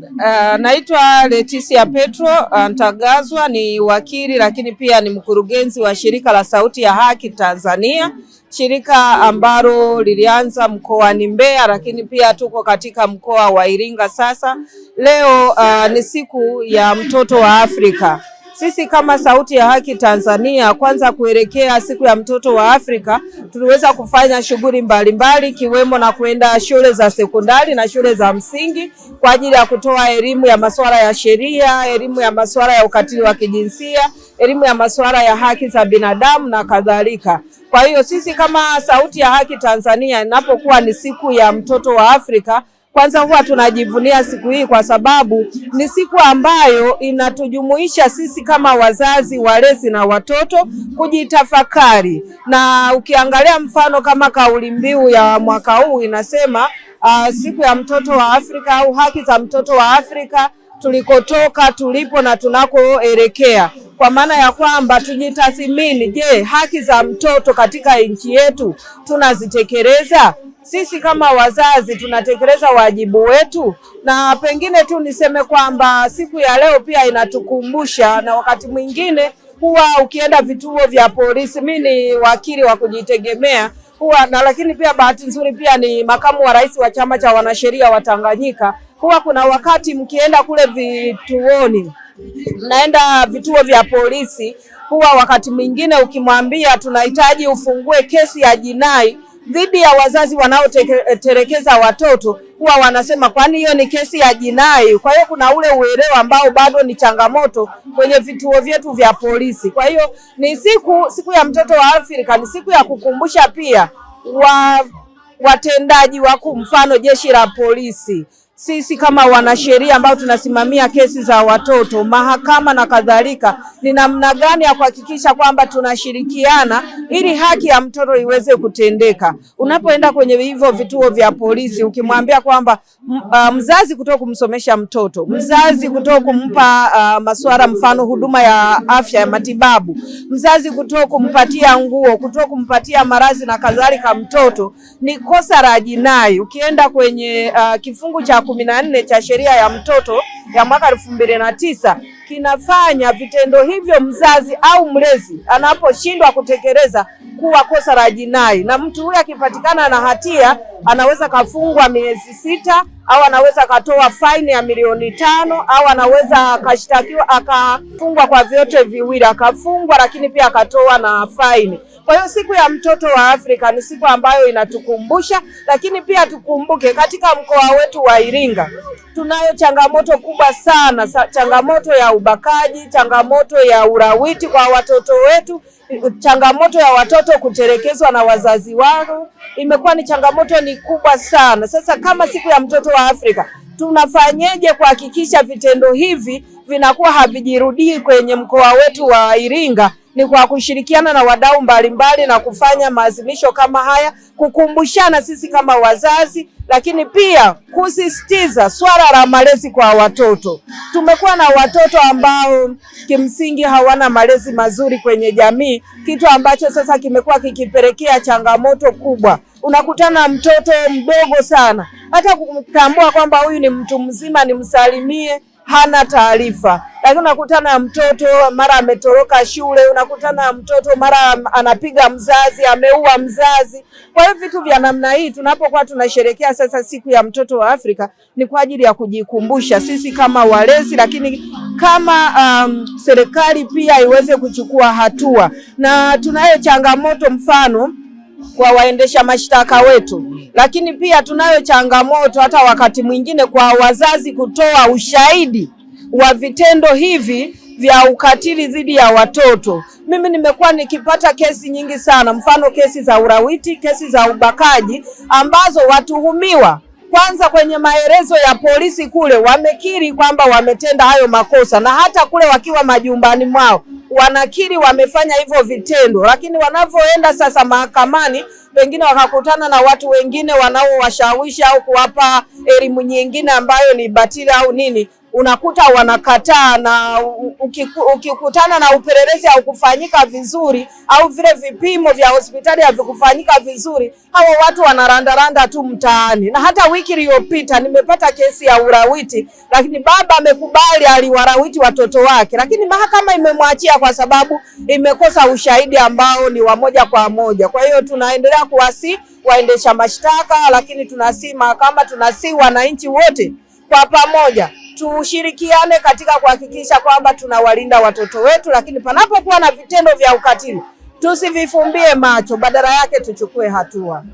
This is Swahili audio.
Uh, naitwa Leticia Petro eh, Ntagazwa, ni wakili lakini pia ni mkurugenzi wa shirika la Sauti ya Haki Tanzania, shirika ambalo lilianza mkoani Mbeya, lakini pia tuko katika mkoa wa Iringa sasa. Leo uh, ni siku ya mtoto wa Afrika. Sisi kama Sauti ya Haki Tanzania, kwanza kuelekea siku ya mtoto wa Afrika, tuliweza kufanya shughuli mbalimbali ikiwemo na kuenda shule za sekondari na shule za msingi kwa ajili ya kutoa elimu ya masuala ya sheria, elimu ya masuala ya ukatili wa kijinsia, elimu ya masuala ya haki za binadamu na kadhalika. Kwa hiyo sisi kama Sauti ya Haki Tanzania, inapokuwa ni siku ya mtoto wa Afrika kwanza huwa tunajivunia siku hii kwa sababu ni siku ambayo inatujumuisha sisi kama wazazi, walezi na watoto kujitafakari, na ukiangalia mfano kama kauli mbiu ya mwaka huu inasema uh, siku ya mtoto wa Afrika au haki za mtoto wa Afrika tulikotoka, tulipo na tunakoelekea, kwa maana ya kwamba tujitathimini. Je, haki za mtoto katika nchi yetu tunazitekeleza? Sisi kama wazazi tunatekeleza wajibu wetu, na pengine tu niseme kwamba siku ya leo pia inatukumbusha, na wakati mwingine huwa ukienda vituo vya polisi, mi ni wakili wa kujitegemea huwa na, lakini pia bahati nzuri pia ni makamu wa rais wa chama cha wanasheria wa Tanganyika huwa kuna wakati mkienda kule vituoni, mnaenda vituo vya polisi, huwa wakati mwingine ukimwambia tunahitaji ufungue kesi ya jinai dhidi ya wazazi wanaotelekeza watoto huwa wanasema kwani hiyo ni kesi ya jinai. Kwa hiyo kuna ule uelewa ambao bado ni changamoto kwenye vituo vyetu vya polisi. Kwa hiyo ni siku siku ya mtoto wa Afrika, ni siku ya kukumbusha pia wa watendaji wakuu, mfano jeshi la polisi sisi kama wanasheria ambao tunasimamia kesi za watoto mahakama na kadhalika, ni namna gani ya kuhakikisha kwamba tunashirikiana ili haki ya mtoto iweze kutendeka. Unapoenda kwenye hivyo vituo vya polisi, ukimwambia kwamba uh, mzazi kutoka kumsomesha mtoto, mzazi kutoka kumpa uh, masuala mfano huduma ya afya ya matibabu, mzazi kutoka kumpatia nguo, kutoka kumpatia marazi na kadhalika, mtoto ni kosa la jinai. Ukienda kwenye uh, kifungu cha kumi na nne cha sheria ya mtoto ya mwaka elfu mbili na tisa kinafanya vitendo hivyo mzazi au mlezi anaposhindwa kutekeleza kuwa kosa la jinai, na mtu huyo akipatikana na hatia anaweza kafungwa miezi sita au anaweza akatoa faini ya milioni tano au anaweza akashtakiwa akafungwa kwa vyote viwili, akafungwa lakini pia akatoa na faini. Kwa hiyo siku ya mtoto wa Afrika ni siku ambayo inatukumbusha, lakini pia tukumbuke katika mkoa wetu wa Iringa tunayo changamoto kubwa sana sa, changamoto ya ubakaji, changamoto ya urawiti kwa watoto wetu, changamoto ya watoto kutelekezwa na wazazi wao, imekuwa ni changamoto ni kubwa sana. Sasa kama siku ya mtoto wa Afrika tunafanyeje kuhakikisha vitendo hivi vinakuwa havijirudii kwenye mkoa wetu wa Iringa? ni kwa kushirikiana na wadau mbalimbali na kufanya maazimisho kama haya, kukumbushana sisi kama wazazi, lakini pia kusisitiza swala la malezi kwa watoto. Tumekuwa na watoto ambao kimsingi hawana malezi mazuri kwenye jamii, kitu ambacho sasa kimekuwa kikipelekea changamoto kubwa. Unakutana mtoto mdogo sana, hata kutambua kwamba huyu ni mtu mzima, nimsalimie hana taarifa, lakini unakutana na mtoto mara ametoroka shule, unakutana na mtoto mara anapiga mzazi, ameua mzazi. Kwa hiyo vitu vya namna hii tunapokuwa tunasherekea sasa siku ya mtoto wa Afrika ni kwa ajili ya kujikumbusha sisi kama walezi, lakini kama um, serikali pia iweze kuchukua hatua, na tunayo changamoto mfano kwa waendesha mashtaka wetu, lakini pia tunayo changamoto hata wakati mwingine kwa wazazi kutoa ushahidi wa vitendo hivi vya ukatili dhidi ya watoto. Mimi nimekuwa nikipata kesi nyingi sana, mfano kesi za urawiti, kesi za ubakaji ambazo watuhumiwa kwanza kwenye maelezo ya polisi kule wamekiri kwamba wametenda hayo makosa, na hata kule wakiwa majumbani mwao wanakiri wamefanya hivyo vitendo, lakini wanavyoenda sasa mahakamani, pengine wakakutana na watu wengine wanaowashawishi au kuwapa elimu nyingine ambayo ni batili au nini, unakuta wanakataa, na ukikutana na upelelezi haukufanyika vizuri au vile vipimo vya hospitali havikufanyika vizuri, hao watu wanarandaranda tu mtaani. Na hata wiki iliyopita nimepata kesi ya urawiti lakini baba amekubali, aliwarawiti watoto wake, lakini mahakama imemwachia kwa sababu imekosa ushahidi ambao ni wa moja kwa moja. Kwa hiyo tunaendelea kuwasi waendesha mashtaka, lakini tunasii mahakama, tunasii wananchi wote kwa pamoja tushirikiane katika kuhakikisha kwamba tunawalinda watoto wetu, lakini panapokuwa na vitendo vya ukatili tusivifumbie macho, badala yake tuchukue hatua.